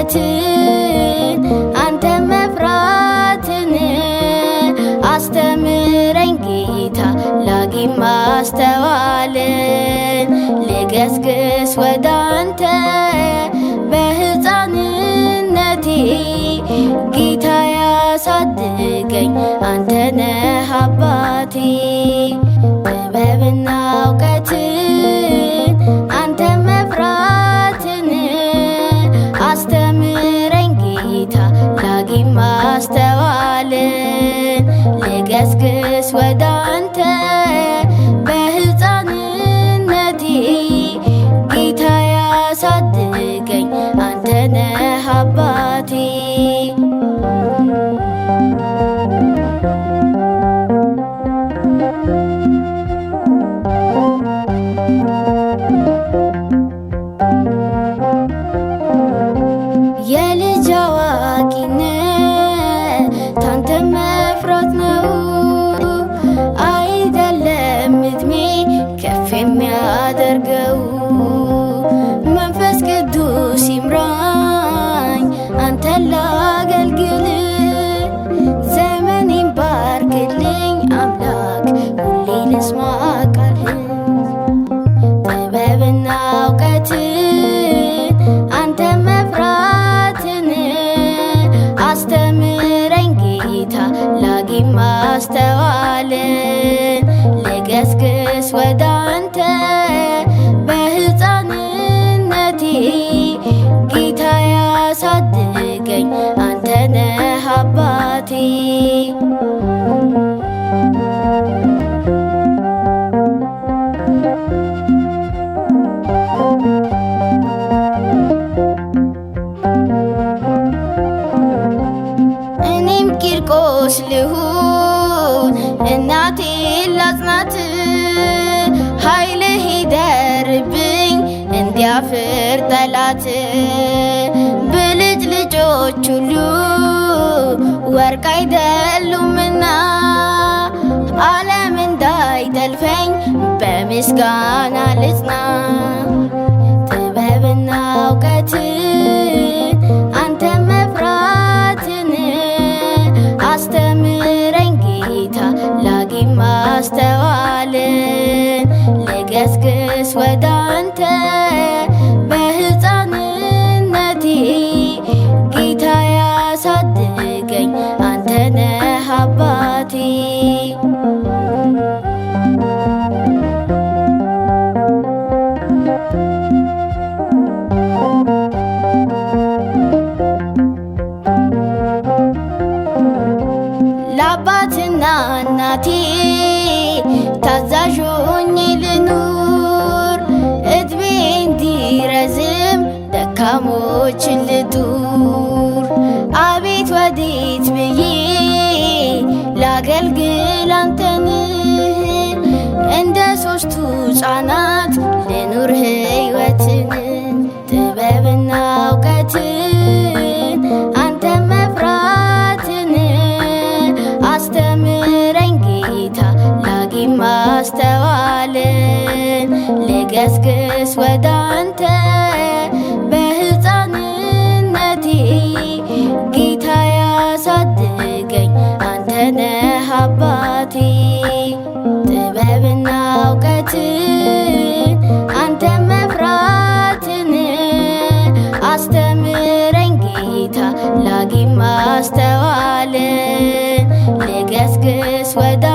እውቀትን አንተ መፍራትን አስተምረኝ ጌታ ላጊ ማስተዋልን ልገስግስ ወደ አንተ በሕፃንነቴ ጌታ ያሳድገኝ አንተ ነህ አባቴ ጥበብና እውቀትን Yes, guess we're the hunter እንዳንተ በሕፃንነቴ ጌታ ያሳድገኝ አንተ ነህ አባቴ። እኔም ቂርቆስ ልሁን እናቴ ላጽናት ያፍር ጠላት ብልጭ ልጆች ሁሉ ወርቅ አይደሉምና ዓለም እንዳይጠልፈኝ በምስጋና ልጽና። ጥበብና እውቀት አንተ መፍራትን አስተምረኝ ጌታ ላጊም ማስተዋልን ልገስግስ ወደ አንተ ለአባትና እናቴ ታዛዥ ሆኜ ልኑር እድሜ እንዲረዝም ደካሞችን ልጡር አቤት ወዴት ብዬ ላገልግል አንተን እንደ ሶስቱ ጫና ልገስግስ ወደ አንተ በሕፃንነቴ ጌታ ያሳድገኝ አንተ ነህ አባቴ ጥበብና እውቀትን አንተ መፍራትን አስተምረኝ ጌታ ላጊ ማስተዋልን ልገስግስ ወደ